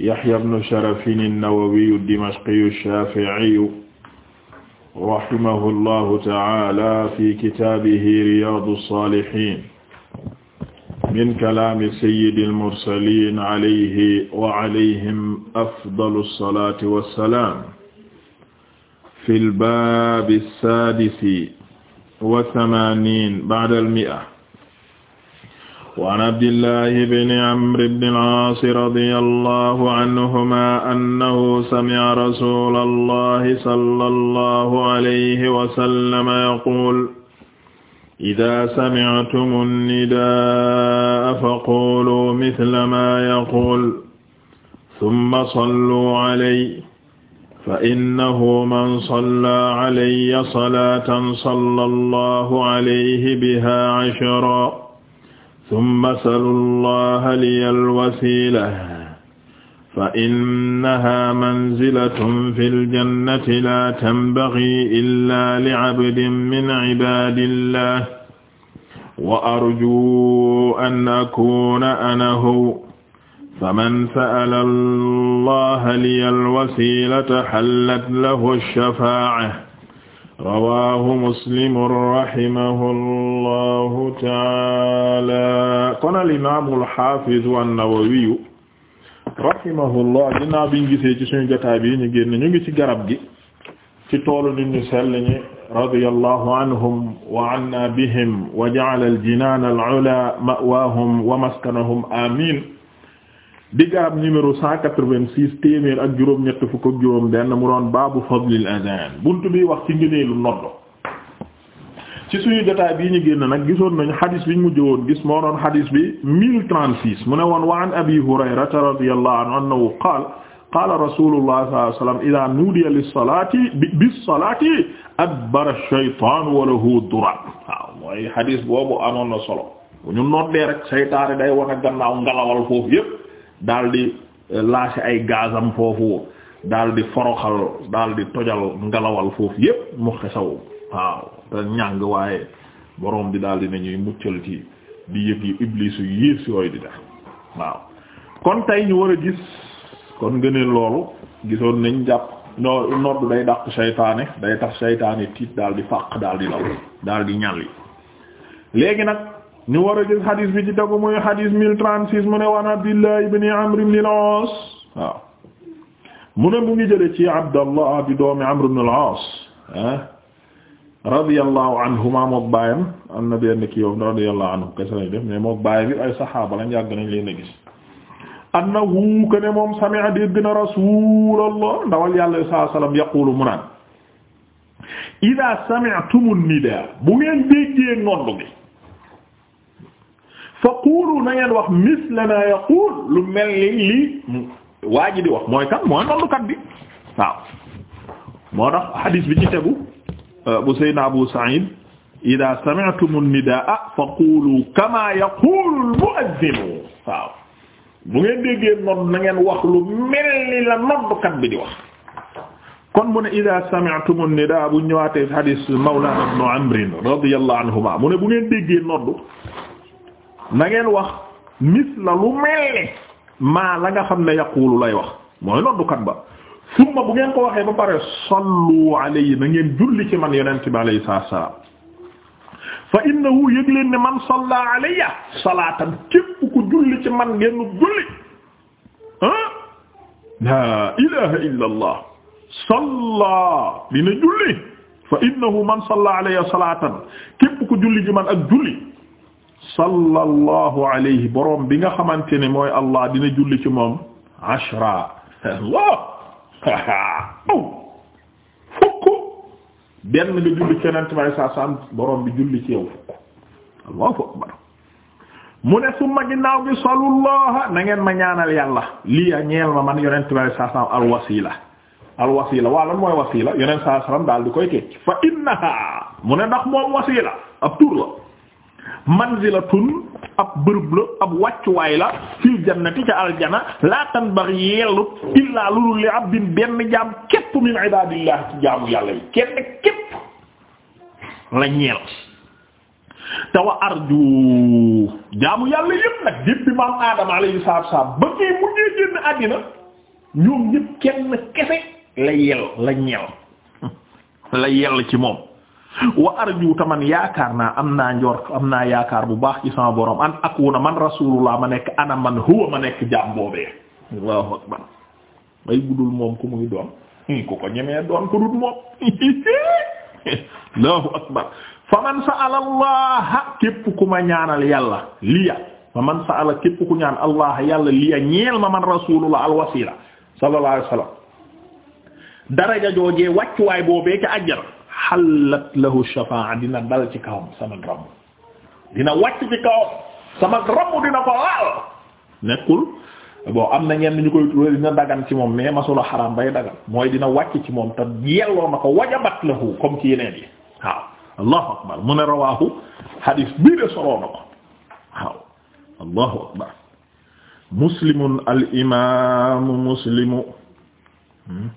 Yahya ibn Sharafin an-Nawawi ad-Dimashqi ash-Shafi'i rahimahu llahu ta'ala fi kitaabihi Riyaadu s-Saalihiin min kalaami sayyidil mursaliin alayhi wa alayhim afdalu s-salaati wa s-salaam fil baabi s-saadisi wa thamaaniin ba'da l-mi'a waan abdillahi bni amri bni al-aas radiyallahu anhuma annahu sami'a rasulallahi sallallahu alayhi wa sallam yaqul idaa sami'tumu nnidaa faqulu mithla maa yaqul thumma sallu alayhi fa innahu man salla alayya salaatan sallallahu alayhi bihaa ashran summa salu allaha liya alwasila fa innaha manzilatun fi ljannati la tanbaghi illa liabdin min cibaadillah wa arju an akuna ana hu faman sa'ala allaha liya alwasilata hallat lahu alshafaa'a rawaahu muslim rahimahullahu taala kon al imaamul xaafizu an-nawawiyu rahimahullah ginnaaw biñ gisee ci suñu jotaay bi ñu génn ñu ngi ci garab gi ci toolu nit ñu sell ñi radiyallahu anhum wa anna bihim wa ja'ala al-jinaan al-'ulaa ma'waahum wa maskanahum amiin di garab numéro cent quatre-vingt-six téeméer ak juróom-ñett fukk ak juróom-benn mu doon baabu fadlil adaan buntu bi wax ci ngëneelu noddo ci suñu jotaay bii ñu génn nag gisoon nañu xadis bi ñu mujj woon gis moo xadis bi mille trente mu ne woon wa an abi hurayrata radiyallahu anhu annahu qaala qaala rasulullah sallallahu alayhi wasallam idaa nuudiya lis-salaati bis-salaati adbara ash-shaytaanu wa lahu duraat waaw mooy xadis boobu amoon na solo bu ñu noddee rek saytaane day wan a gannaaw ngalawal foofu yépp daal di eh, lâché ay gazam foofu daal di foroxal daal di tojal ngalawal foofu yépp mu xesaw waaw te ñàng waaye borom bi daal di nañuy muccal ci di yëg yi iblis yu yées yooyu di def waaw kon tey ñu war a gis kon ngëneel loolu gisoon nañ jàpp no nodd day dàq seytaane day tax seytaane tiit daal di fàq daal di law daal ñal yi léegi nag ni war a gis xadis bi ci tegu muy xadis mu ne waan abdillah ibn amr ibn al-aas waaw mu ne mu ngi jële ci abdallah di doomi amr ibn al-aas ah radiyallahu anhuma mook baayam am na benn kii yow radiyallahu anhu kese lañ def mais mook baay bi ay saxaaba lañ yàgg nañ leen a gis annahu kaana moom sami'a dégg na rasulallah ndawal yàlla sallallahu alayhi wasallam yaqulu mu naan ida sami'tumu nidaa bu ngeen déggee noddu bi faqulu na ngeen wax misla ma yaqul lu mel ni lii waa ji di wax mooy kan mooy noddukat bi waaw moo tax hadis bi ci tegu euh, bu saydna Abu Sa'id ida sami'tumu nidaa faqulu kama yaqulu al-mu'adhdhin waaw bu ngeen déggee nodd na ngeen wax lu mel ni la noddukat bi di wax kon mu ne ida sami'tumu nidaa bu ñëwaatee hadis mawlana ibn Amr radiyallahu anhuma mu ne bu ngeen déggee nodd na ngeen wax misla lu mel ne maa la nga xam ne yaqulu lay wax mooy noddukat ba summa bu ngeen ko waxee ba pare sallu alayhi na ngeen julli ci man yonent bi alayhi salaam fa innahu yëg leen ne man salla alayya salaatan képp ku julli ci man ngeen julli ah la ilaha illa allah salla dina julli fa innahu man salla alayya salaatan képp ku julli ci man ak julli sallallahu alayhi borom bi nga xamante ne mooy allah dina julli ci moom ashra oh. fukk benn nga julli ci yonent bi saa saa borom bi julli ci yow fukk allahu akbar mu ne summa ginnaaw bi salullaha na ngeen ma ñaanal yàlla lii a ñeel ma man yonent bi saa saa al wasila al wasila waaw lan mooy wasila yonent saa daal di koy teg fa innaha mu ne ndax moom wasila ab tur la manzilatun ab bërëb la ab wàccuwaay la fil jannati ca aljana la tanbaghi yeellut illaa lulul li abdin benn jaam képp min ibadillah ci jaamu yàlla yi kenn képp la ñeel te wa arju jaamu yàlla yépp nag déppi maam aadama alayhi salaatu wassalaam ba ngay mujjee génn àddina ñoom ñépp kenn kese la yell la ñeel la yell ci moom wa arju man yaakaar naa am naa njort am naa yaakaar bu baax ci sama borom an akuna man rasulullah ma nekk ana man huwa ma nekk jaam boobee allahu akbar may budul moom ku muy doon ku ko ñemee doon ku dut moom allahu akbar fa man sa'ala allah ku ma ñaanal yàlla liya fa man sa'ala képp ku ñaan allah yàlla liya ñeel ma man rasulullah al wasila sallallahu alayhi daraja joojee wàccuwaay boobee ca ajjana xallat lahu shafaa dina dal ci kawam sama ramm dina wàcc ci kawam sama ramm dina ko laal nekkul bon am na ñenn ñu koy dina dagan ci moom mais masula xaram bay dagan mooy dina wàcc ci moom te yelloo na ko wajabat lahu comme ci yeneen yi waaw allahu akbar mu rawaahu xadiis bii de soloo na ko akbar muslimun al imaamu muslimu hmm?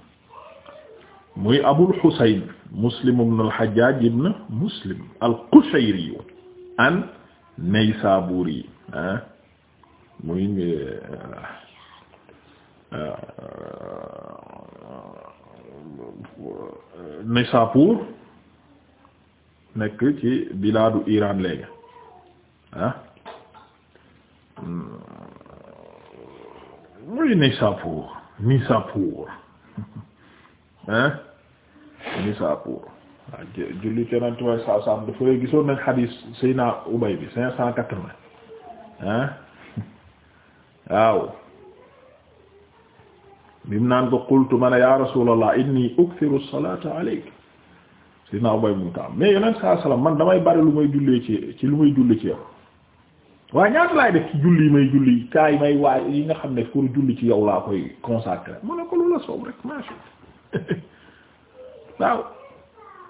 muy Abul Husayn Muslim ibn al-Hajjaj ibn Muslim al-Qushayri an Naysaburi ah muy eh, eh, Naysabur nekk ci bilaadu Iran léegi ah muy Naysabur hein Nisaapur waaw ah, jullit yonent way saa saam dafa lay gisoon nañ xadiis Seyna Ubay bi cinq cent quatre-vingts hein naan ko qultu man ya rasulallah inni ukthiru salata alayk Seyna Ubay mu taam mais yonent saa salaam man damay bari lu may jullee ci ci lu may julli ci yow waaye ñaata laay def ci julli yi may julli kaay may waay yi nga xam ne pour julli ci yow laa koy consacrer mu ne ko lu la soob rek macha waaw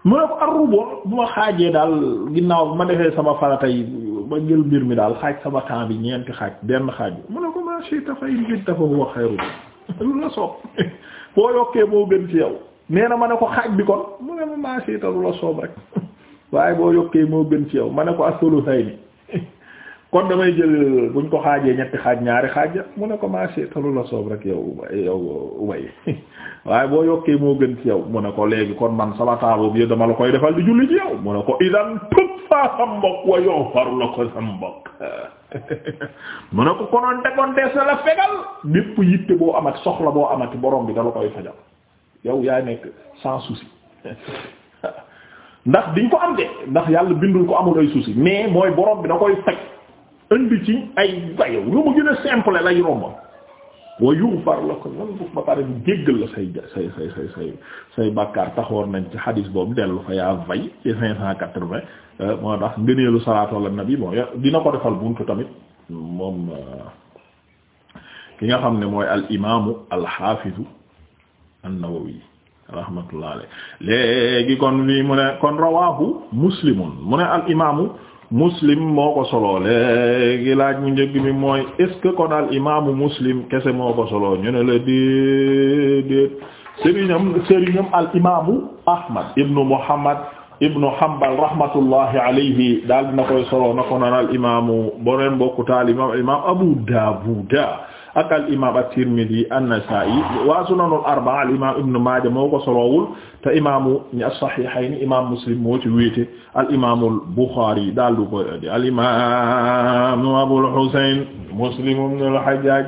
mu ne ko arrubo bu ma xaajee daal ginnaaw bu ma defee sama farata yi ma jël mbir mi daal xaaj sama temps bi ñeenti xaaj benn xaaj bi mu ne ko ma shi'ta fa in shi'ta fa huwa xayrun lu la soob boo yokkee moo gën ci yow nee na ma ne ko xaaj bi kon mu ne ma ma shi'ta lu la soob rek waaye boo yokkee moo gën ci yow ma ne ko asulu sayni kon damay jël buñ ko xaajee ñetti xaaj ñaari xaaj mu ne ko marché talu la soob rek yow yow ubay waaye boo yokkee moo gën ci yow mu ne ko léegi kon man sama taabo bi dama la koy defal di julli ci yow mu ne ko idan tub faa mbokk wa yow faru la ko sa mbokk mu ne ko konoon tegoontees na la fegal bépp yitte boo amati soxla boo amati borom bi dala koy fajal yow yaay nekk sans souci ndax diñ ko am de ndax yàlla bindul ko amul ay souci mais mooy borom bi da indi ci ay bayow lu mu gën a simple lay romba wa yughfar lakum lan bug ba pare mu jéggal la say say say say say say bàkkaar taxoon nañ ci xadis boobu dellu fa yaa vay ci cinq cent quatre-vingt euh, moo tax ngëneelu salaatu ala nabi ko defal buntu tamit moom euh, ki nga xam ne mooy al imaamu al xaafizu an léegi kon mu ne kon rawahu muslimun mu ne al muslim moo ko solo léegi laaj mu njëkk mi mooy est-ce kon al imaamu muslim kese moo ko solo ñu ne la déedéet sëriñam al imaamu ahmad ibnu muhammad ibnu hanbal rahmatullahi alayhi daal dina koy solo na ko naan al imaamu boreen bokku taal al imaam abu daawuda ak al imaam at-Tirmidhi an-Nasa'i wa sunanul arba'a al imaam Ibn Maaja moo ko solowul imaamu as-Sahihayn imaam Muslim moo ci wéete al imaamul daal du koy al imaamu Muslim ibn al-Hajjaj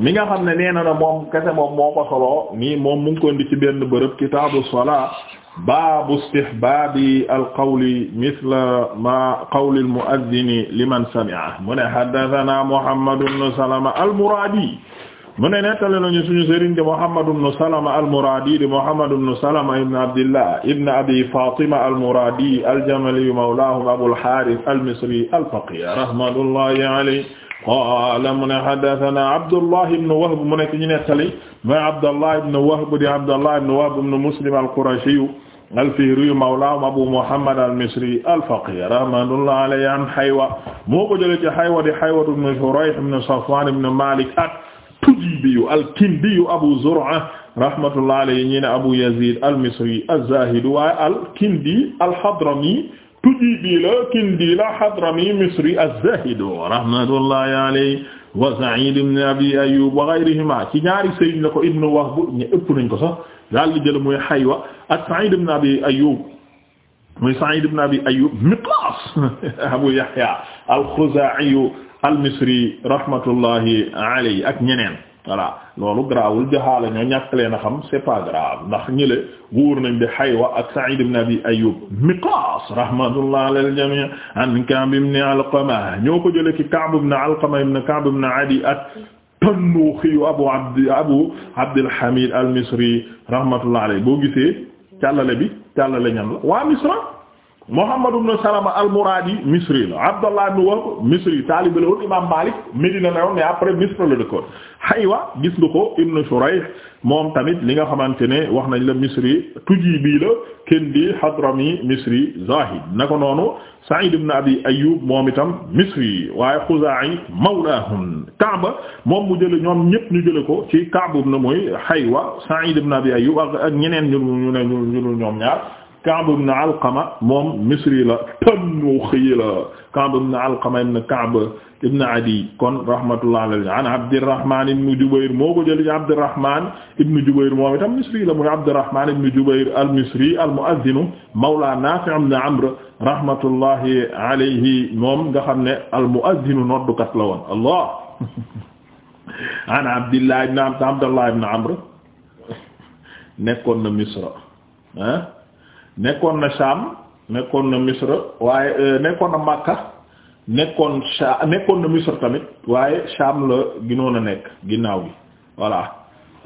mi nga xam ne nee na moom kese moom moo ko soloo moom mu ngi ko indi ci benn bërëb kitaabu salaa baabu istihbaabi alqawli misla ma qawli almuazzini liman sami'a mu ne haddathana Muhammad ibn Salama almuraadi mu ne nettali nañu suñu sëriñ di Muhammad ibn Salama almuraadi di Muhammad ibn Salama ibn Abdillah ibn Abi Fatima almuraadi aljamali mawlaahum Abul Haarith almisri alfaqih rahmatullahi alayhi qaala mu ne haddathana Abdullah ibn Wahb mu nekk ñu nettali ma Abdullah ibn Wahb di Abdullah ibn Wahb ibn Muslim al-Qurashi al-Fihri mawlaahum Abu Muhammad al-Misri al-Faqih rahmatullahi alayhi an Haywa moo ko jëlee ci Haywa di Haywa ibn Shurayh ibn Safwan ibn Malik at-Tujibi al-Kindi Abu Zur'a rahmatullahi alayhi ñi ne Abu Yazid al-Misri az-Zahid wa al-Kindi al-Hadrami tujibi la kindi la hadrami misri az-zahidu rahmatullahi alayhi wa Sa'id ibn Abi Ayyub wa ghayrihima ci ñaari sëriñ la ko ibnu Wahb ñu ëpp nañ ko sax daal di jël muy Haywa ak Sa'id ibn Abi Ayyub muy Sa'id ibn Abi Ayyub Miqlas Abu Yahya al-Khuza'i al-Misri rahmatullahi alayhi ak ñeneen voilà loolu grawul jaxaala ñoo ñàkk leen a xam c'est pas grave ndax ñële wóor nañ bi Haywa a Sa'id ibn Abi Ayyub Miqaas rahmatullah alal jamii an Ka'b ibn Alqama ñoo ko jële ci Ka'b ibn Alqama ibn Ka'b ibn Adi ak Abu Abd Abu rahmatullah alayhi boo gisee càllale bi càllale ñan la waa Misra Muhammad ibn Salama al-Muradi Misri la Abdallah ibn Wahb Misri taalibe la woon Imaam Malik Medina la woon mais après Misri la dëkkoon Haywa gis nga ko Ibn Shurayh moom tamit li nga xamante ne wax nañ la Misri Tujibi la Kendi Hadrami Misri Zahid naka noonu Sa'id ibn Abi Ayyub moom itam Misri waaye Khuzaa'i mawlaahum Ka'ba moom mu jël ñoom ñépp ñu jële ko ci Ka'b na mooy Haywa Sa'id ibn Abi Ayyub ak ñeneen ñu ñu ne ñu ñoom ñaar Ka'b ibn Alqama moom Misri la Tanuuxi la Ka'b ibn Alqama ibn Ka'b ibn Adi kon rahmatullah alayhi an Abdurrahman ibn Jubayr moo ko jëlee Abdurrahman ibn Jubayr moom itam Misri la muy Abdurrahman ibn Jubayr al-Misri al-mu'adhdhin mawla Nafi' ibn Amr rahmatullahi alayhi moom nga xam ne al-mu'adhdhin noddukat la woon Allah an Abdullah ibn Abdullah ibn Amr nekkoon na Misra ah nekkoon na Sham nekkoon na Misra waaye euh, nekkoon na Makka nekkoon Sham nekkoon na Misra tamit waaye Sham la ginoon a nekk ginnaaw bi voilà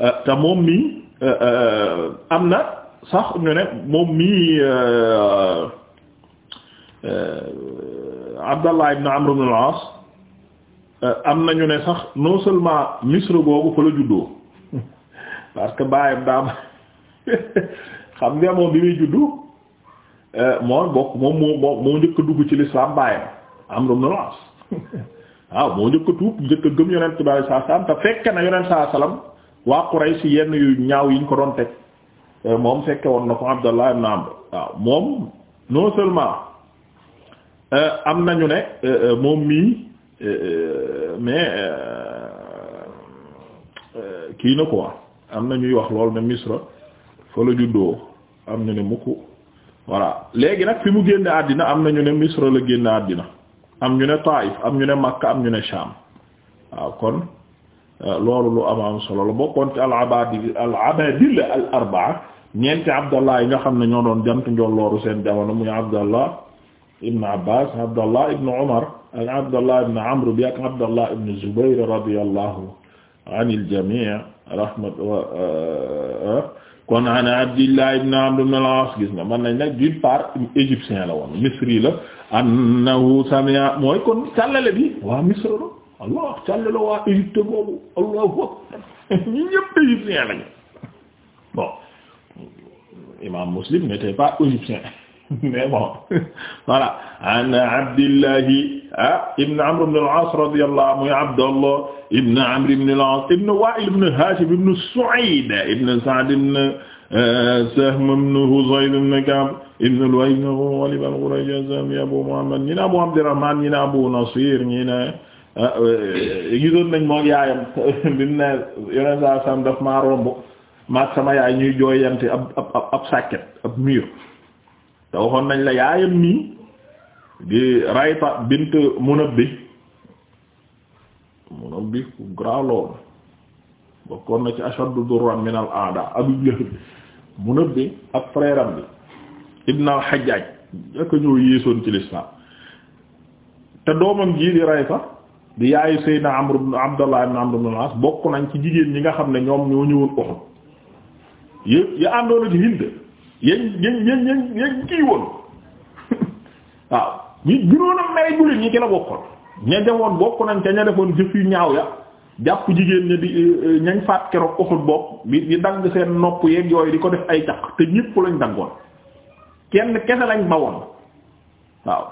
euh, te moom mii euh, am na sax ñu ne moom mii Abdallah ibn Amr ibn al am na ñu ne sax non seulement Misra googu fa la juddoo parce que baayam daam xam nga moom bi muy juddu euh, mooy bokk moom moo moo moo njëkk dugg ci lislaam bàyyam Amru ibn al-As waaw moo njëkk a tuub njëkk a gëm yonent bi alayhi salaam te fekke na yonent saa salaam waa Quraysh yenn yu ñaaw yiñ ko doon teg euh, moom fekke woon na ko Abdallah ibn Amr waaw moom non seulement euh, am nañu ne moom mii mais kii na quoi am na ñuy wax loolu ne Misra fa la juddoo am ñu ne mukk voilà léegi nag fi mu génne àddina am na ñu ne Misra la génne àddina am ñu ne Taif am ñu ne Makka am ñu ne Sham waaw kon euh, loolu lu am am solo la bokkoon ci al-abadi al-abadilla al-arba'a ñeenti Abdallah yi nga xam ne ñoo doon jant njollooru seen jamono muy Abdallah ibn Abbas Abdallah ibn Umar ak Abdallah ibn Amr bi ak Abdallah ibn Zubayr radiyallahu anil jami' rahmat euh, kon an Abdillah ibn Amr ibn al-As gis nga mën nañ nag d'une part égyptien la woon misri la annahu sami'a mooy kon càllale bi waa misri la allah càllale waa Égypte boobu allahu akbar ñu ñëpp égyptien lañu bon imam Muslim n'était pas égyptien mais bon voilà an abdillahi ah ibn amr ibn al-aas radiyallahu anhu abdallah ibn amr ibn al-aas ibn wa'il ibn hashim ibn su'ayd ibn sa'd ibn eh, sahm ibn huzayd ibn ka'b ibn lu'ay ibn ghalib al-qurashi az-zahmi abu muhammad ñi ne abu abdurrahman ñi ne abu nasir ñi ne ah, eh, gisoon nañ moo yaayam bimu ne yoneen sa sam daf maa romb maag sama yaay ñuy jooyante ab ab ab sàkket ab mur te nañ la yaayam nii di Rayta bint Munabbih Munabbih ku grand lool bokkoon na ci ashaddu du min al aada Abu Lahab ak frère bi ibn al Hajjaj yaka ñoo yéesoon ci l'islam te doomam jii di Rayta di yaayu Seydina Amr ibn Abdallah ibn Amr ibn al-As bokk nañ ci jigéen ñi nga xam ne ñoom ñoo ñëwoon Uhud yëpp ya àndoona ci yéen yéen yéen yéen yéen kii woon waaw ñi gënoon a mere ñi ki la bokkoon ña demoon bokk nañ ca ña defoon jëf yu ñaaw ya jàpp jigéen ña di euh, euh, ñañ faat keroog Uhud bopp bi di seen nopp yeeg yooyu di ko def ay caq te ñépp lañ daggoon kenn kese lañ bawoon waaw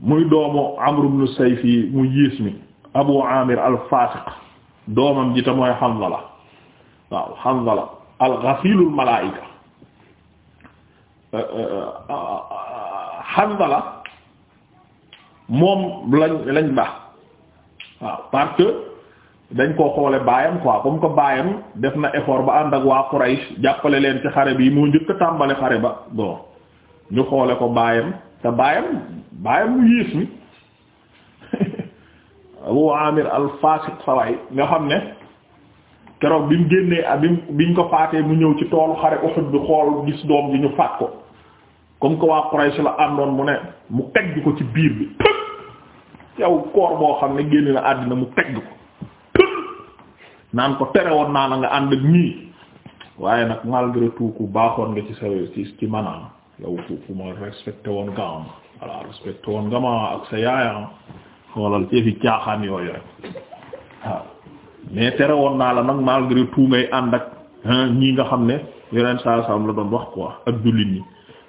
muy doomu Amr ibn Sayfi mu yiis mi Abu Amir al-Fasiq doomam ji te mooy Hanzala waaw Hanzala al-Ghasiilul Malaa'ika Euh, euh, euh, Hanzala moom lañ lañ baax waaw parce que dañ koo xoole baayam quoi comme que baayam def na effort ba ànd ak waa Quraysh jàppale leen ci xare bi moo njëkk a tàmbali xare ba bon ñu xoole ko baayam te baayam baayam mu yiis mi Abu Amir al-Fasiq sawaay nga xam ne keroog bi mu génnee ak bi biñ ko faatee mu ñëw ci toolu xare Uhud bi xool gis doom ji ñu faat ko comme que waa Quraysh la àndoon mu ne mu teg ko ci biir bi yow koor boo xam ne génn na àddina mu teg ko naan ko tere woon naa la nga ànd ak ñii waaye nag nga ma respecté woon nga am voilà ma ak sa yaayam xoolal ci tere woon naa la nag malgré nga xam ne yeneen saa sam la doon wax quoi ak jullit ñi.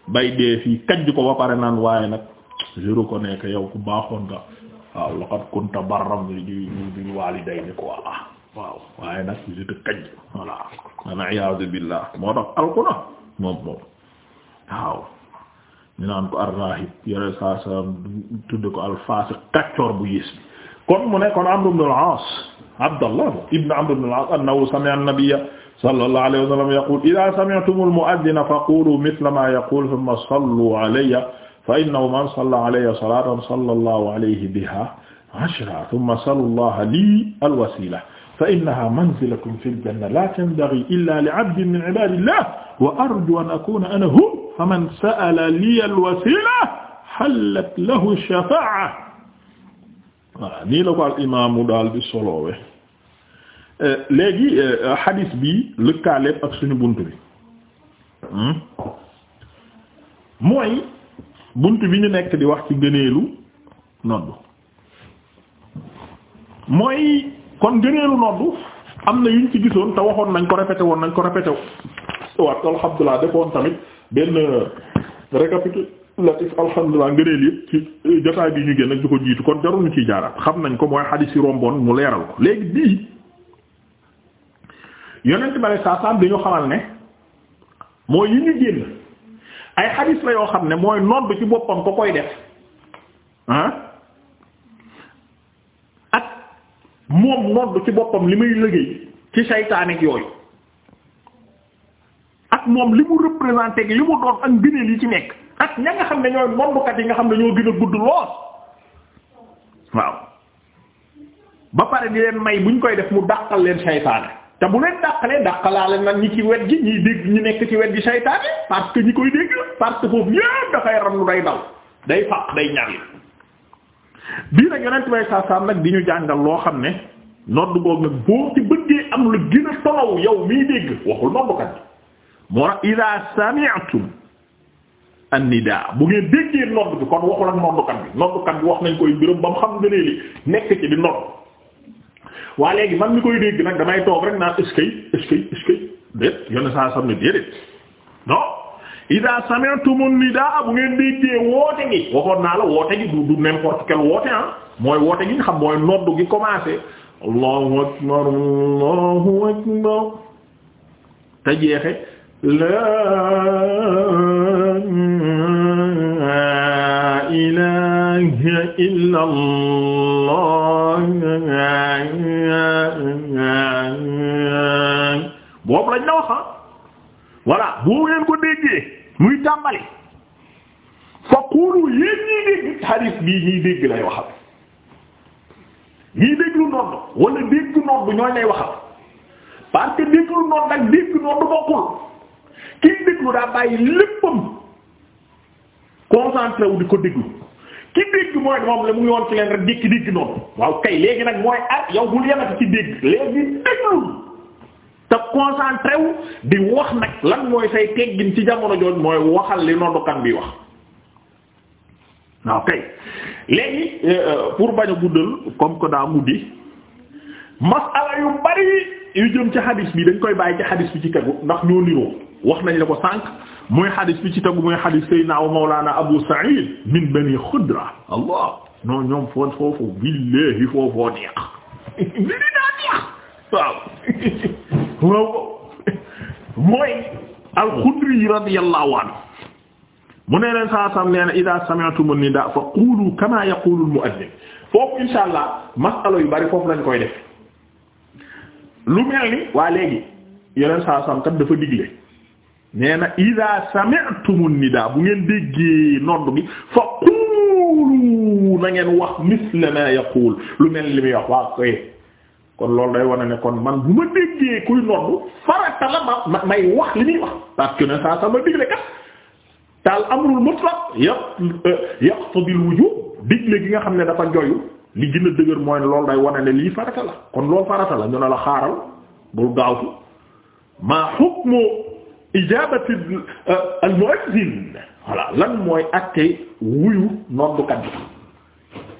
bay dee fii kajj ko ba pare naan waaye nag je reconnais que yow ku baaxoon nga waaw laqad kunta barram li di bil walidayni quoi ah, waaw waaye nag je kajj voilà man iyaadu billah moo tax alxuraan moom moom waaw ñu naan ko ar-rahib saa saa tudde ko al-fasiq kàccoor bu yées kon mu ne kon Amr ibn al-As Abdallah ibn Amr ibn al-As annahu sallallahu alayhi wa sallam yaqul idha sami'tumul mu'adhdhina faqulu mithla ma yaqul thumma sallu alayya fa innahu man salla alayya salatan sallallahu alayhi biha ashra thumma sallu allaha li alwasila fa innaha manzilatun fil janna la tanbaghi illa li'abdin min ibadillah wa arju an akuna ana hum faman sa'ala li alwasila hallat lahu shafa'a voilà nii la ko al imaamu daal di soloowe Euh, léegi euh, hadith bi lëkkaaleeb ak suñu bunt bi hmm? mooy bunt bi ñu nekk di wax ci gëneelu noddu mooy kon gëneelu noddu am na yuñ ci gisoon te waxoon nañ ko répété woon nañ ko répété waat alhamdulilah defoon tamit benn récapitulatif alhamdulilah ngëneel yëpp ci euh, jotaay bi ñu génn ak di ko jiitu kon jarul ñu ciy jaaraat xam nañ ko mooy hadith yi romboon mu leeral ko léegi bii yonent bi saa saam dañu xamal ne mooy yi ñu génn ay xadiis la yoo xam ne mooy nodd ci boppam ko koy def ah, ak moom nodd ci boppam li may liggéey ci saytaan ak yooyu ak moom li mu représenté ak li mu doon ak gëneel yi ci nekk ak ña nga xam ne ñooy noddukat yi nga xam ne ñoo gën a gudd lool waaw ba pare di leen may buñ koy def mu dàqal leen saytaane te bu leen dàqalee dàqalaale nag ñi ci wet gi ñiy dégg ñu nekk ci wet gi saytaane parce que ñi koy dégg parce que foofu ñëpp dafay ram lu day daw day faq day ñaari bii nag yonent bay saasaam nag di ñu jàngal loo xam ne nodd am lu gën a tolaw yow miy dégg waxul noddukat bi moo tax déggee nodd bi kon waxul ak noddukat bi noddukat bi wax nañ koy biram ba mu xam nga li nekk ci di nodd waa léegi man mi koy dégg nag damay toog rek naan eskay eskay eskay déet yone saa sam ne déedéet non ida sami'tumun nidaa bu ngeen déggee woote gi waxoon naa la woote gi du du n'importe woote ah mooy woote gi nga mooy noddu gi commencé allahu akbar allahu akbar te jeexe la allah boobu lañ la wax ah voilà boo ngeen ko déggee muy tàmbali fa qulu yéen dégg xadiis bii ñii dégg lay waxal ñii dégg lu nodd wala dégg nodd ñooy lay waxal parce dégg lu nodd ak dégg nodd bokkul kii déglu daa bàyyi léppam concentré wu di ko déglu ki dégg mooy moom la mu ngi woon ci leen rek dikki dikki noonu waaw kay léegi nag mooy ak ah yow bul yemati ci dégg léegi déglu te concentré di wax nag lan mooy say teggin ci jamono jooju mooy waxal li noddukat bi wax waaw kay léegi euh, pour bañ a guddal comme que daa muddi masala yu bari yu jëm ci hadis bi dañ koy bàyyi ci hadis bi ci tegu ndax ñoo niroo wax nañ la ko sànq. muy xadis bi ci tegu muy xadis Seydina wa Mawlana Abu Sa'id min Bani Khudra allah non ñoom foon foofu billahi foofoo neex li di daa neex waaw waaw mooy al-Khudri radiyallahu anhu mu ne leen saa sam nee na ida sami'tumu nidaa fa qulu kama yaqulu al-mu'adhdhin foofu insha allah masalo yu bari foofu lañ koy def lu mel ni waa léegi yeneen saa sam kat dafa digle nee na ida sami'tumu nidaa bu ngeen déggee nodd bi fa quulu na ngeen wax misla ma yaqul lu mel li muy wax waa koy kon loolu day wane ne kon man bu ma déggee kuy nodd farata la ma may wax li muy wax parce ne saa sama digle kat taal amrul mutlaq yaq euh, yaqtadil wujub digle gi nga xam ne dafa joyu li gën a dëgër mooy ne loolu day wane ne lii farata la kon loolu farata la ñu ne la xaaral bul gaawtu maa hukmu ijaabati euh, al mu'azzin voilà lan mooy àtte wuyu noddukat bi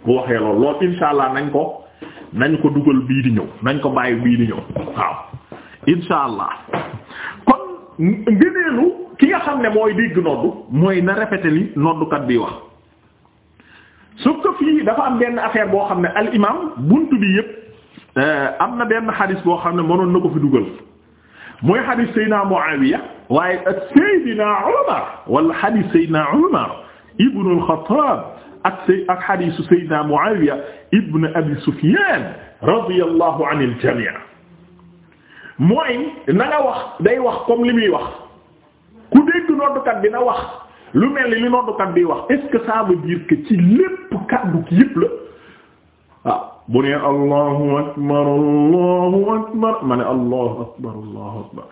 bu waxee loolu loolu insha allah nañ ko nañ ko dugal bii di ñëw nañ ko bàyyi bii di ñëw waaw insha allah kon ngëneelu ki nga xam ne mooy dégg noddu mooy na répété li noddukat bi wax su ko fii dafa am benn affaire boo xam ne al bunt bi yépp euh, am na benn xadis boo xam ne mënoon na ko fi dugal mooy xadis Seydina Muawiya waaye ak Seydina Umar wala xadis Seydina Umar ibn al-Khattab ak say ak xadisu Seydina Muawiya ibn Abi Sufyan radiyallahu anil jami' mooy na nga wax day wax comme li muy wax ku dégg noddukat bi na wax lu mel ni li noddukat bi wax est-ce que ça veut dire que ci lépp kàddu gi yépp la. bu nee allahu akbar allahu akbar ma ne allahu akbar allahu akbar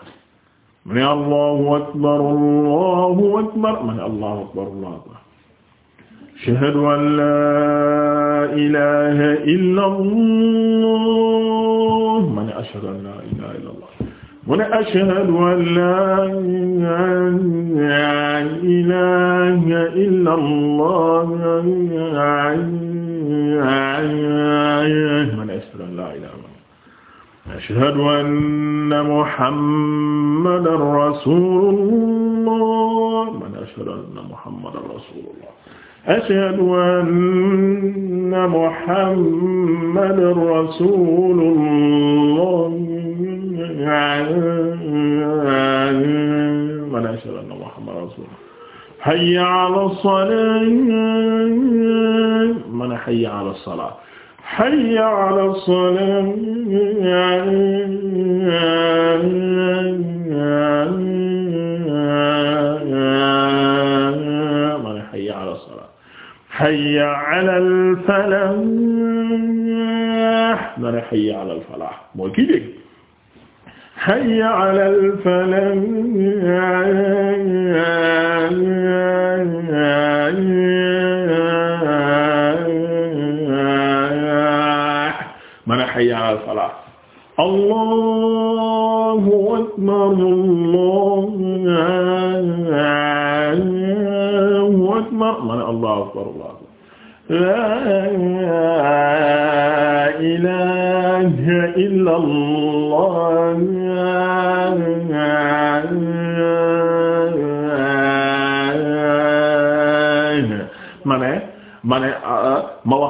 ma ne allahu akbar allahu akbar ma ne allahu akbar allahu akbar ashhadu an la ilaha illa allah ma ne ashhadu an la ilaha illa allah mu ne ashhadu an la ilaha illa allah man ashhadu an laa ilaaha illallaah ashhadu anna muhammadan rasuulullaah man ashhadu anna muhammadan rasuulullaah ashhadu anna muhammadan rasuulullaah hayya ala salaa ma ne hayya ala salaa hayya ala salaa ma ne hayya ala salaa hayya ala al falaah ma ne hayya ala al falaah mooy kii dégg hayya alal falah man hayya alal falah allahu akbar allahu akbar man allahu akbar allahu la ilaha illa allah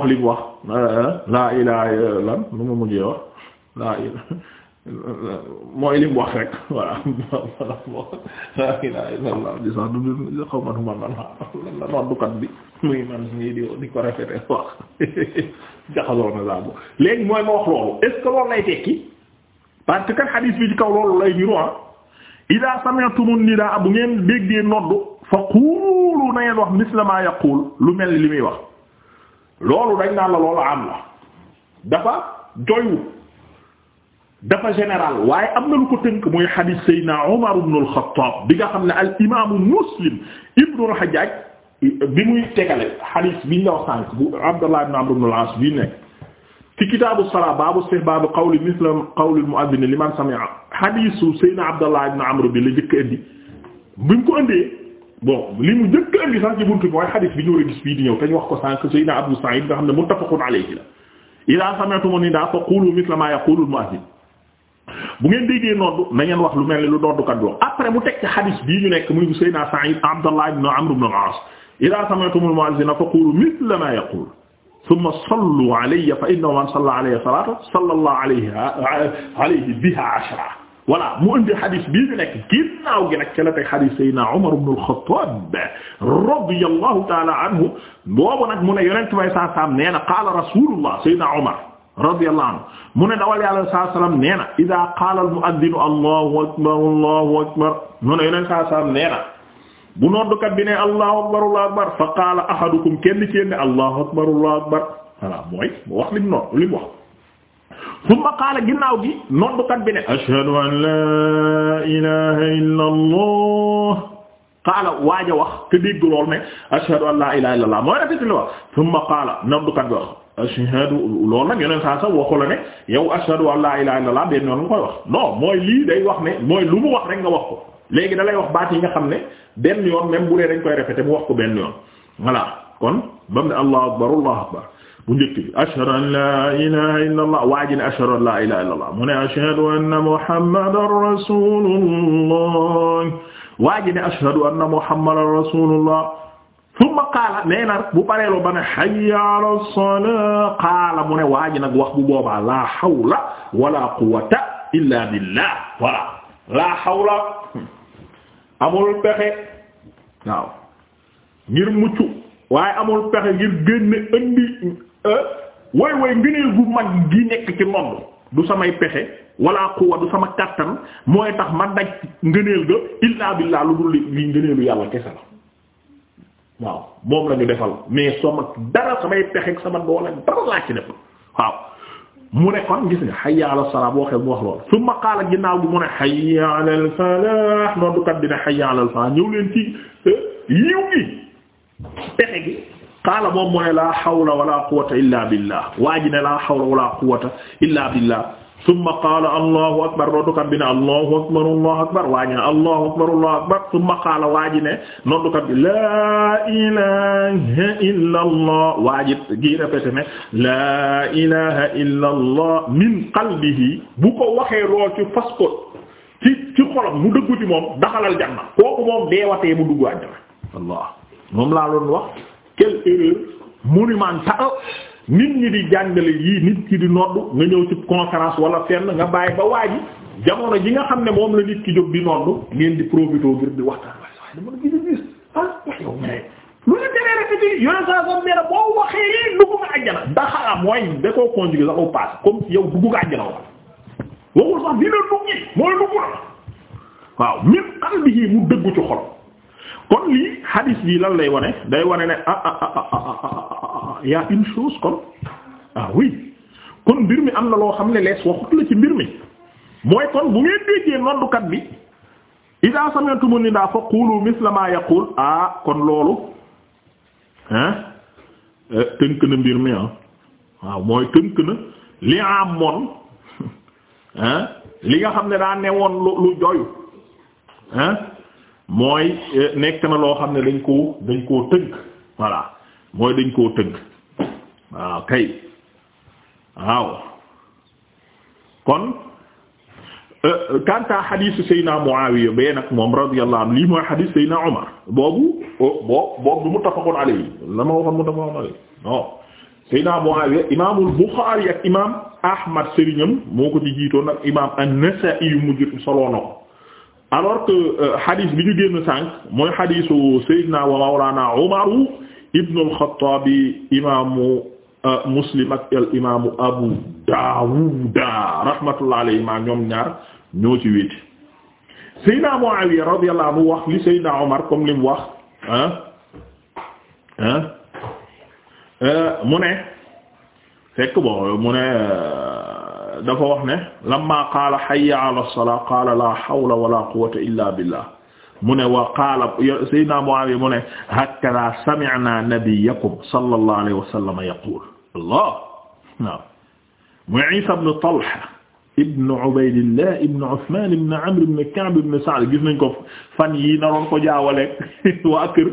wax li mu wax euh, laa ilaa lan nu mu mujjee wax laa ila mooy li mu wax rek voilà a ilaa illallah di sax du xaw ma nu ma man la noddukat bi man ñii di di ko répété wax jaxasoo na saabu léegi mooy ma wax loolu est-ce que loolu lay tekki parce que xadiis bi ci kaw loolu lay niru ah. noddu fa quulu na ngeen wax misla ma yaqul lu mel li muy wax loolu dañ naan la loolu am la dafa joyu dafa général waaye am na lu ko tënk mooy xadiis Seydina Umar ibn al-Khattab bi nga xam ne al imaamu Muslim ibnu al-Hajjaj bi muy tegale xadiis al-As bi nekk ci kitaabu salaa baabu istihbaab qawli al-mu'adhdhin liman sami'a xadiisu Seydina Abdullah ibn Amr bi la jëkk indi bi bon li mu njëkk a indi sax ci buntu bi mooy xadis bi ñu war a gis fii di ñëw te ñu wax ko sànq Seydina Abu Sa'id nga xam ne muttafaqun alayhi la ila sami'tumu nidaa fa qulu mithla ma yaqulu al-mu'adhdhin bu ngeen déggee noddu na ngeen wax lu mel ni lu noddukat bi wax après mu teg ci xadis bii ñu nekk muy Seydina Sa'id Abdallah ibn Amr ibn al-As ila sami'tumu al-mu'adhdhin fa qulu mithla ma yaqulu thumma sallu alayya fa innahu man salla alayya salatan salla Allahu alayhi biha ashra voilà mu indi xadis bii ñu nekk ginnaaw gi nag ca la teg xadis Seydina Umar ibn al-Khattab radiyallahu ta'ala anhu boobu nag mu ne yonent bay saa saam nee na qaala rasulullah Seydina Umar radiyallahu anhu mu ne dawal yàlla saa saam nee na idaa qaala al-mu'addinu allahu akbar allahu akbar mu ne yonent saa saam nee na bu noddukat bi ne allahu akbar allahu akbar fa qaala ahadukum kenn ci yéen ne allahu akbar allahu akbar voilà mooy wax li mu noonu li mu wax. summa qaala ginnaaw gi noddukat bi ne ashhadu an laa ilaha illa allah qaala waaj a wax te dégg lool ne ashhadu an laa ilaha illa allah mooy répété la wax summa qaala noddukat bi wax ashhadu loolu nag yeneen saa sax waxu la ne yow ashhadu an laa ilaha illa allah benn yoon nga koy wax non mooy lii day wax ne mooy lu mu wax rek nga wax ko léegi da lay wax baat yi nga xam ne benn yoon même bu dee dañ koy répété mu wax ko benn yoon voilà kon bam ne allahu akbar allahu akbar bu njëkk bi ashhadu an la ilaha illa allah waa ji ne ashhadu an la ilaha illa allah mu ne ashhadu anna muhammadan rasulullah waa ji ne ashhadu anna muhammadan rasulullah thumma qaala nee na bu pareeloo ba ne hayya ala salaa qaala mu ne waa ji nag wax bu boobaa la hawla wala quwwata illa billah voilà la hawla amul pexe waaw ngir mucc waaye amul pexe ngir génne indi Euh, way way ngëneel gu mag gi nekk ci nodd du samay pexe wala quwwa du sama kàttan mooy tax ma daj ngëneel ga illaa billaa lu dul li ngëneelu yàlla kese la waaw moom lañu defal mais sama dara samay pexe sama doole dara laa ci def waaw mu ne kon gis nga hayya ala salaa boo xew mu wax lool summa qaala ginnaaw bi mu ne hayya ala al falah noddukat bi ne hayya ala al ñëw leen ci euh, yiw gi pexe gi qaala moom mu ne laa hawla wala quwwata illa billah waa ji ne laa hawla wala quwwata illa billah summa qaala allahu akbar noddukat bi ne allahu akbar allahu akbar waa ji ne allahu akbar allahu akbar summa qaala waa ji ne noddukat bi laa ilaha illa allah waa ji gi répété ne laa ilaha illa allah min qalbihi bu ko waxee lool ci fas ko ci ci xolam mu dëggu ci moom daxalal janna kooku moom deewatee mu duggu àjjana allah moom laa doon wax quelle erreur monumentale nit ñi di jàngale yii nit ki di noddu nga ñëw ci conférence wala fenn nga bàyyi ba waa ji jamono ji nga xam ne moom la nit ki jóg di noddu ngeen di profité ngir di waxtaan waaye waaye dama la gis a gis ah, lu la saa soxna Mbène boo waxee lii dugg nga àjjana daxala ah, mooy da koo conjugué sax au passé comme yow dugg nga àjjana wala waxul sax dina dugg mooy dugg na waaw même qalbihi mu dëggu ci xol. kon lii hadis bi lan lay wane day wane ne ah ah ah, ah, ah, ah kon ah oui kon mbir mi am na loo xam ne lees waxut la ci mbir mi mooy kon bu ngeen déggee noddukat bi idaa sami'tumu nidaa fa qulu misla ma yaqul ah kon loolu ah tënk na mbir mi ah waaw mooy tënk na li amoon ah li nga xam ne daa woon lu lu jooyu mooy eh, nekk na loo xam ne dañ koo dañ koo tënk voilà mooy dañ koo tënk waaw kay waaw kon eh, kanta xadiisu Seydina Muawiya bee nag moom radiyallahu anhu lii mooy xadiis Seydina oh, Muawiya imaamul Buxaari ak imaam Ahmad sëriñam moo ko ci jiitoon ak imaam an yu mujj solo alors que xadis euh, bi ñu génn sànq mooy xadisu Seydina wa Mawlana Umaru ibnu al-Xattaab imaamu euh, Muslim al imaamu Abu Daawuda rahmatullah alayhi ma ñoom ñaar ñoo ci wéete Seydina Muawiya radiyallahu anhu wax li Seydina Omar comme li mu wax euh, mu ne fekk bon mu ne dafa wax ne lamma qaala hayya ala salaa qaala la hawla wala quwwata illa billah mu ne wa qaala sayyidina Muawiya mu ne hakadha sami'na nabiyyakum sallallahu alayhi wa sallam yaqul allah waaw mu Isa ibn Talha ibn Ubaydillah ibn Uthman ibn Amr ibn Ka'b ibn Sa'd gis nañ ko fan yi naroon ko jaawale waa kër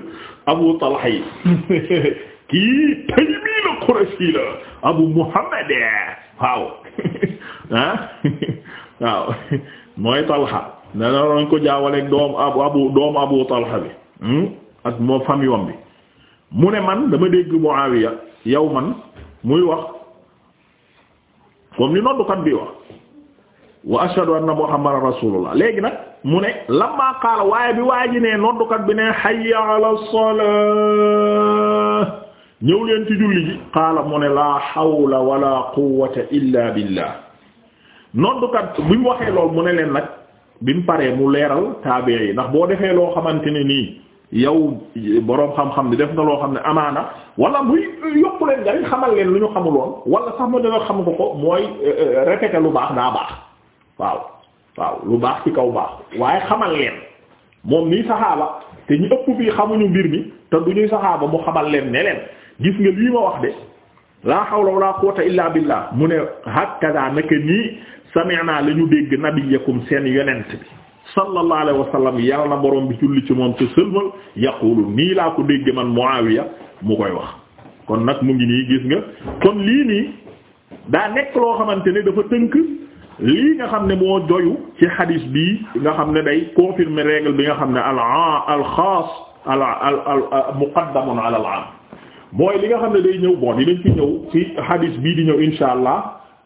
Abu Talha yi kii Taymi al-Qurashi la Abu Muhammad waaw ah waaw mooy Talha na ko jaawaleeg doom abu abu abu Talha bi hmm? ak moo famille bi mu ne man dama dégg Muawiya yow man muy wax comme li noddukat bi wax wa ashhadu anna muhammadan rasulullah léegi nag mu ne lamma qaala waaye bi waa ne noddukat bi ne hayya ala salaa ñëw leen ci julli ji qaala mu ne laa hawla wala quwwata illa billah noddukat bi mu waxee lool mu ne leen nag bi mu paree mu leeral taabee yi ndax boo defee loo xamante ne nii yow boroom xam-xam bi def nga loo xam ne amaana wala muy yokku leen nga xamal leen lu ñu xamuloon wala sax mu danga xam ko mooy euh, refete lu baax daa baax waaw waaw lu baax ci kaw baax waaye xamal leen moom nii saxaaba te ñu ëpp fii xamuñu mbir mi te du ñuy saxaaba mu xamal leen ne leen gis nga lii ma wax de laa hawla wala quwwata illa billah mu ne hakaza naka nii sami'na la ñu dégg nabiyakum seen yonent bi sallallahu alayhi wa sallam yàlla na borom bi julli ci moom te sëlmal yaqulu nii laa ko dégg man Muawiya mu koy wax kon nag mu ngi nii gis nga kon lii nii daa nekk loo xamante ne dafa tënk lii nga xam ne moo joyu ci xadis bii nga xam ne day confirmer règle bi nga xam ne al al xaas al al muqaddamun ala al am mooy li nga xam ne day ñëw bon dinañ ci ñëw ci hadis bii di ñëw insha allah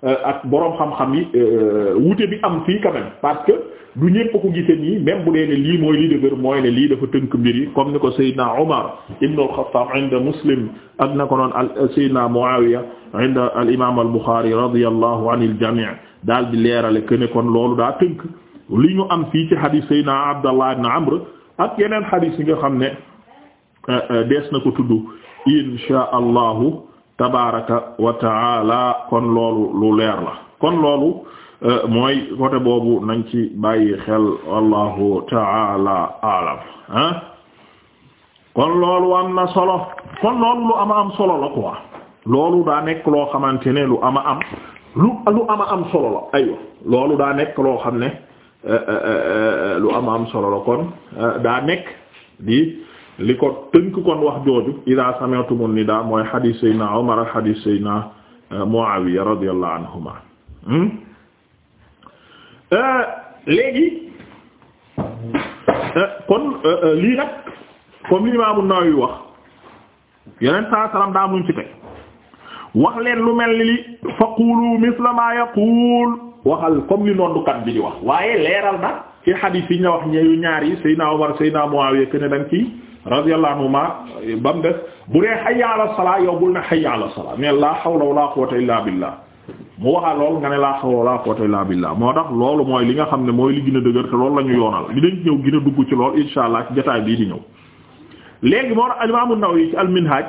euh, ak boroom xam-xam yi euh, wute bi am fii quand parce que du ñépp ko gisee nii même bu dee ne lii mooy lii dëgër mooy ne lii dafa tënk mbir yi comme ni ko Seydina Omar ibn al Muslim ak na ko noon al euh, Seydina Muawiya al imam al Bukhari radiyallahu anil jami' daal di leerale que ne kon loolu daa tënk li ñu am fii ci hadith Seydina Abdallah ibn Amr ak yeneen hadith yi nga xam ne dees na ko tudd insha allahu tabaraka wa taala kon loolu lu leer kon loolu euh, mooy côté boobu nañ ci bàyyi xel wallahu taala alam ah kon loolu am na solo kon loolu lu ama am solo la quoi loolu daa nekk loo xamante ne lu ama am lu ama am solo la aywa loolu daa nekk loo xam ne euh, euh, lu ama am solo la kon daa nekk di li ko tënk kon wax jooju ida sami'tumu nidaa mooy xadiis saydna Umar ak xadiis saydna eh, Muawiya radiyallahu anhuma hmm? eh, léegi eh, kon lii nag comme li Imaam An-Nawawi wax yeneen saa salaam daa muñ ci teg wax leen lu mel ni li faqulu misla ma yaqul waxal comme li noddukat bi di wax waaye leeral na ci xadiis yi ñu wax ñeeyu ñaar yi saydna Muawiya ne dañ ci radiyallahu anhuma ba mu des bu dee hayya ala salaa yow bul ne hayya ala salaa mais la hawla wala quwwata illa billah mu waxaa lool nga ne laa hawla wala quwwata illa billah moo tax loolu mooy li nga xam ne mooy li gën a dëgër te loolu la ñu yoonal li dañ ñëw gën a dugg ci lool insha allah ci jotaay bii di ñëw léegi moo tax imam an-Nawawi ci al-Minhaj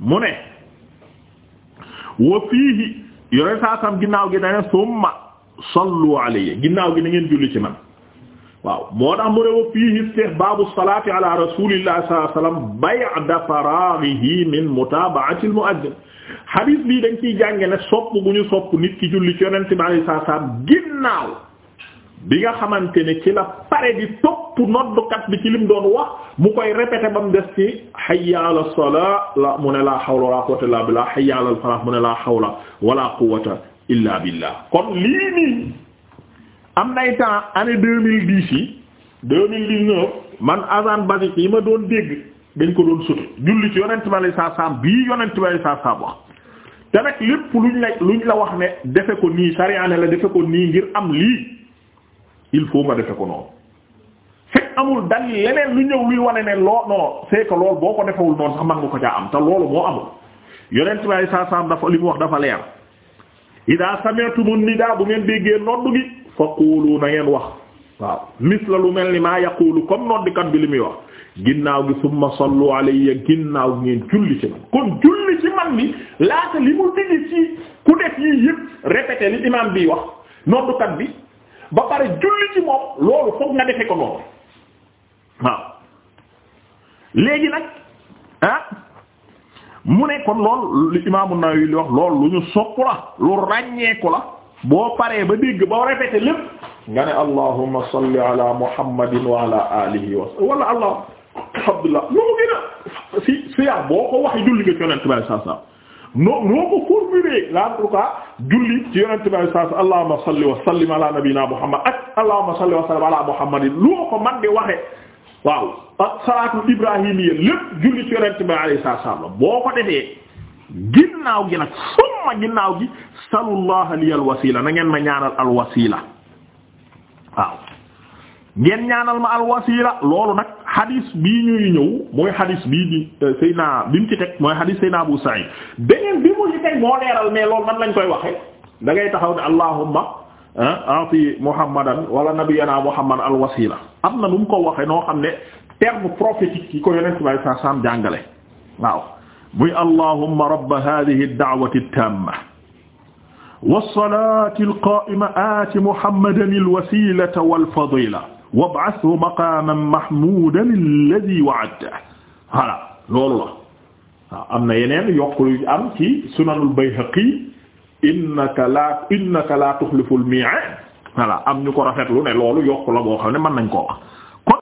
mu ne wa fiihi saa sam ginnaaw gi dane summa sallu alayhi ginnaaw gi na ngeen julli ci man waaw moo tax mu ne wa fiihi istihbaabu salaati ala rasuulillahi sallallahu alayhi wa sallam ba'da faraagihi min mutaaba'ati al-mu'adhdhin hadith lii dañ ciy jànge ne sopp bu ñu sopp nit ki julli ci yonent bi alayhi salaam ginnaaw bi nga xamante ne ci la pare di topp noddukat bi ci lim doon wax mu koy répété ba mu des ci hayya ala salaa la mu ne laa hawla wala quwwata illaa billah hayya al falaah mu ne laa hawla wala quwwata billah kon lii am nay temps année deux mille dix yi deux mille dix neuf man azan basique yi ma doon dégg dañ ko doon suti julli ci yonent ma lay saa saam bii yonent ma lay saa saam wax te nag lépp luñ la luñ la wax ne defe ko nii sariyaane la defe ko nii ngir am lii il faut ma defe ko noonu fekk amul dalil leneen lu ñëw luy wane ne loo non c'est que loolu boo ko defewul noonu sax mën nga ko caa am te loolu moo amul yonent ma lay saa saam dafa li mu wax dafa leer ida sami'tumun nidaa faqulu na ngeen wax waaw misla lu mel ni maa yaqulu comme noddikat bi li muy wax ginnaaw gi summa sallu alayya ginnaaw gi ngeen julli ci man kon julli ci man bi laata li mu digg ci ku def yii yëpp répété li imam bi wax noddukat bi ba pare julli ci moom loolu foog nga defe ko noonu waaw léegi nag ah mu ne kon lool li imaamu Nawawi li wax lool lu ñu sopp la lu ràññeeku la boo paree ba dégg ba répété lépp nga ne allahumma salli ala muhammadin wa ala alihi wa wala allah abdullah noo ko gën a si si yaa boo ko waxee julli nga ci yonent bi saa saa noo noo ko formulé la en tout cas julli ci yonent bi saa saa allahumma salli wa sallim ala nabina muhammad ak allahumma salli wa sallim ala muhammadin loo ko man di waxee waaw ak salaatul ibrahimiyya lépp julli ci yonent bi alayhi salaam boo ko defee ginnaaw gi nag summa ginnaaw gi salullah li al wasila na ngeen ma ñaanal al wasila waaw ngeen ñaanal ma al wasila loolu nag hadis bii ñuy ñëw mooy hadis bii di euh, Seyna bi mu ci teg mooy hadis Seyna Abu Sa'id beneen bi mu ci teg moo leeral mais loolu man lañ koy waxee da ngay taxaw ne allahumma ati muhammadan wala nabiyana muhammad al wasila am na nu mu ko waxee noo xam ne terme prophétique yi ko yonent bi sallallahu alayhi jàngale waaw. muy allahumma rabba hadhihi ad-da'wati at-tamma was-salati al-qa'ima ati muhammadan al-wasilata wal-fadila wab'athhu maqaman mahmudan alladhi wa'adtahu voilà loolu la waaw am na yeneen yokk yu am ci sunanul bayhaqi innaka la innaka la tukhlifu al-mi'ad voilà am ñu ko rafetlu ne loolu yokk la boo xam ne mën nañ koo wax